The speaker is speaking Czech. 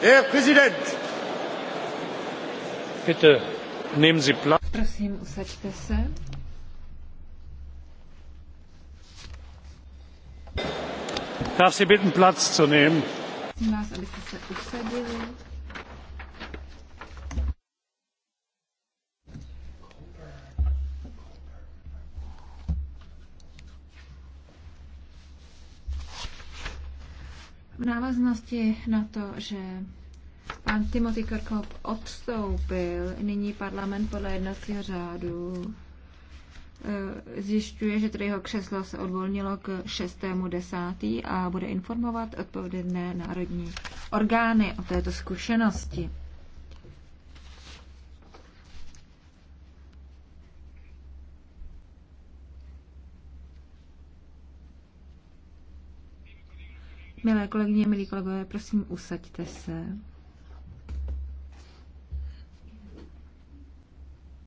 Herr Präsident! Bitte nehmen Sie Platz. Prosím, usaďte se. Darf Sie bitten, Platz zu nehmen. Prosím vás, abyste se usadili. V návaznosti na to, že pan Timothy Kirkhope odstoupil, nyní parlament podle jednacího řádu eh, zjišťuje, že tedy jeho křeslo se odvolnilo k 6.10. a bude informovat odpovědné národní orgány o této zkušenosti. Milé kolegyně, milí kolegové, prosím, usaďte se.